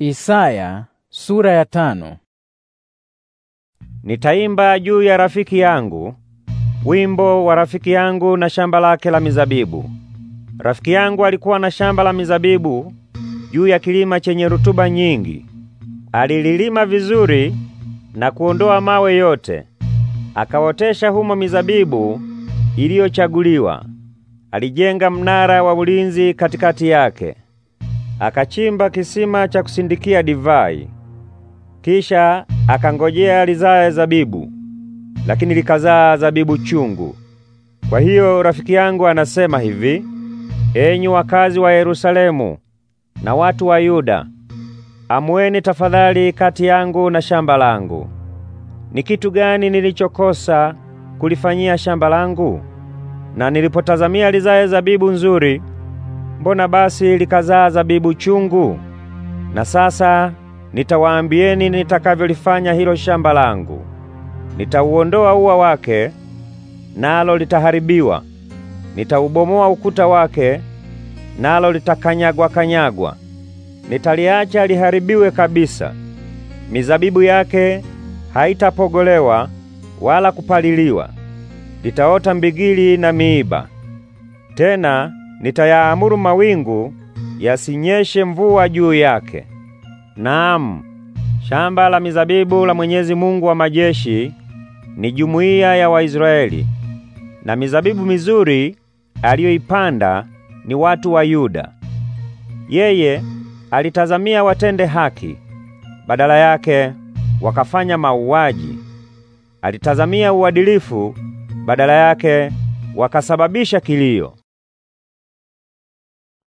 Isaya sura ya tano. Nitaimba juu ya rafiki yangu wimbo wa rafiki yangu na shamba lake la mizabibu. Rafiki yangu alikuwa na shamba la mizabibu juu ya kilima chenye rutuba nyingi. Alililima vizuri na kuondoa mawe yote, akawotesha humo mizabibu iliyochaguliwa. Alijenga mnara wa ulinzi katikati yake akachimba kisima cha kusindikia divai, kisha akangojea lizae zabibu, lakini likazaa zabibu chungu. Kwa hiyo rafiki yangu anasema hivi: enyi wakazi wa Yerusalemu na watu wa Yuda, amweni tafadhali kati yangu na shamba langu. Ni kitu gani nilichokosa kulifanyia shamba langu? Na nilipotazamia lizae zabibu nzuri Mbona basi likazaa zabibu chungu? Na sasa nitawaambieni nitakavyolifanya hilo shamba langu. Nitauondoa ua wake, nalo litaharibiwa. Nitaubomoa ukuta wake, nalo litakanyagwa kanyagwa. Nitaliacha liharibiwe kabisa. Mizabibu yake haitapogolewa wala kupaliliwa. Litaota mbigili na miiba tena nitayaamuru mawingu yasinyeshe mvua juu yake. Naam, shamba la mizabibu la Mwenyezi Mungu wa majeshi ni jumuiya ya Waisraeli, na mizabibu mizuri aliyoipanda ni watu wa Yuda. Yeye alitazamia watende haki, badala yake wakafanya mauaji. Alitazamia uadilifu, badala yake wakasababisha kilio.